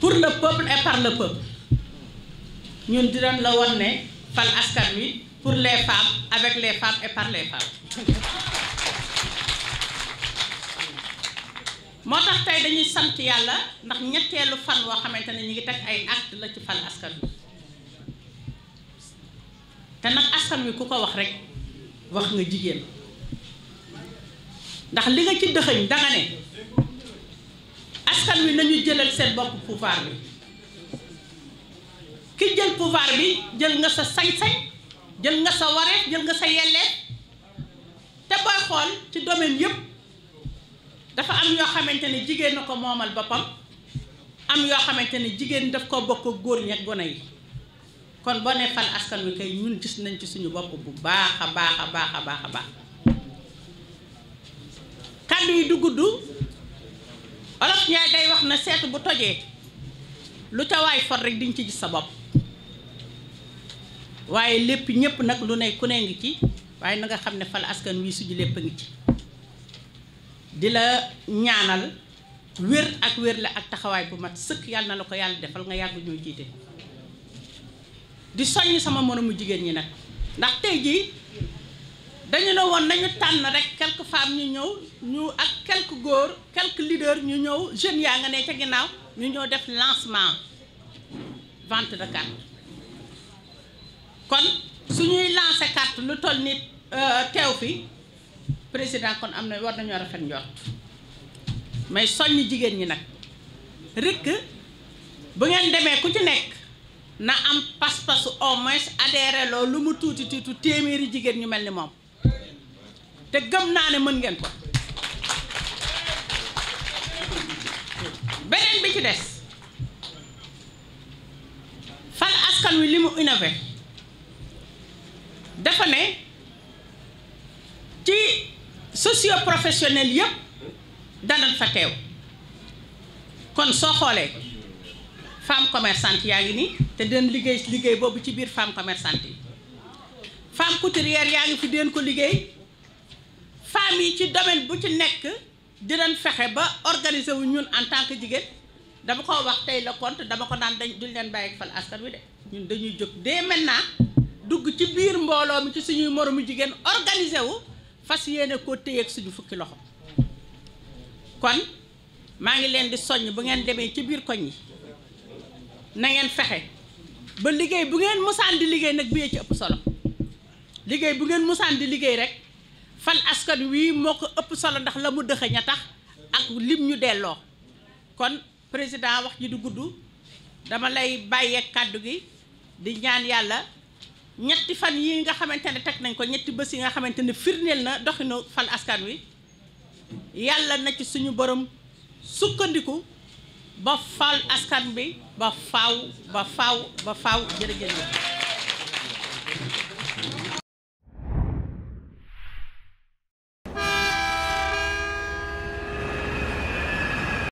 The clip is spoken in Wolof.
pour le peuple et par le peuple ñun dinañ la wan ne fal askan wi pour les femmes avec les femmes et moo tax tey dañuy sant yàlla ndax ñetteelu fan woo xamante ne ñu ngi teg ay acte la ci fal askan wi te nag askan wi ku ko wax rek wax nga jigéen ndax li nga ci dëxëñ danga ne askan wi nañu jëlal seen bopp pouvoir bi ki jël pouvoir bi jël nga sa sañ-sañ jël nga sa wareef jël nga sa yelleef te booy xool ci domaine yépp dafa am yoo xamante ne jigéen na ko moomal boppam am yoo xamante ne jigéen daf ko bokk góor ñeeg gone yi kon boo ne fal askan wi kay ñun gis nañ ci suñu bopp bu baax a baax a baax a baax a baax kàddu yi du gudd Wolof Njaay day wax na seetu bu tojee lu ca waay for rek diñ ci gis sa bopp waaye lépp ñépp nag lu ne ku ne ngi ci waaye na nga xam ne fal askan wi suñu lépp a ngi ci di la ñaanal wér ak wér la ak taxawaay bu mat sëkk yàlla na la ko yàlla defal nga yàgg ñoo jiite di soññ sama moromu jigéen ñi nag ndax tey jii dañu ne woon nañu tànn rek quelques femmes ñu ñëw ñu ak quelques góor quelques leaders ñu ñëw jeunes yaa nga nee ca ginnaaw ñu ñëw def lancement vente de carte kon suñuy lancé carte lu toll nit euh, teew fi président kon am na war nañoo rafet njort mais soññ jigéen ñi nag rekk bu ngeen demee ku ci nekk na am pas-pasu au moins adhéré loolu lu mu tuuti tuuti téeméeri jigéen ñu mel ni moom te gëm naa ne mën ngeen ko beneen bi ci des fan askan wi li mu innové dafa ne ci socio professionnel yëpp danañ fa teew kon soo xoolee femme commerçante yaa ngi nii te den liggéey liggéey boobu ci biir femme commerçante yi femme couturière yaa ngi fi den ko liggéey femmes yi ci domaine bu ci nekk di leen fexe ba organiser wu ñun en tant que jigéen dama ko wax tey la kont dama ko naan dañ duñ leen bàyyi fan askan wi de ñun dañuy jóg dès maintenant dugg ci biir mbooloo mi ci suñuy moromu jigéen organiser wu fas yéene koo téyeeg suñu fukki loxo kon maa ngi leen di soññ bu ngeen demee ci biir koñ yi na ngeen fexe ba liggéey bu ngeen musaan di liggéey nag biyee ci ëpp solo liggéey bu ngeen musaan di liggéey rek. fal askan wi moo ko ëpp solo ndax la mu dëxëñ a tax ak lim ñu delloo kon président wax ji du gudd dama lay bàyyee kàddu gi di ñaan yàlla ñetti fan yi nga xamante ne teg nañ ko ñetti bës yi nga xamante ne firndeel na doxinu fal askan wi yàlla na ci suñu borom sukkandiku ba fal askan bi ba faw ba faaw ba faaw jërëjëf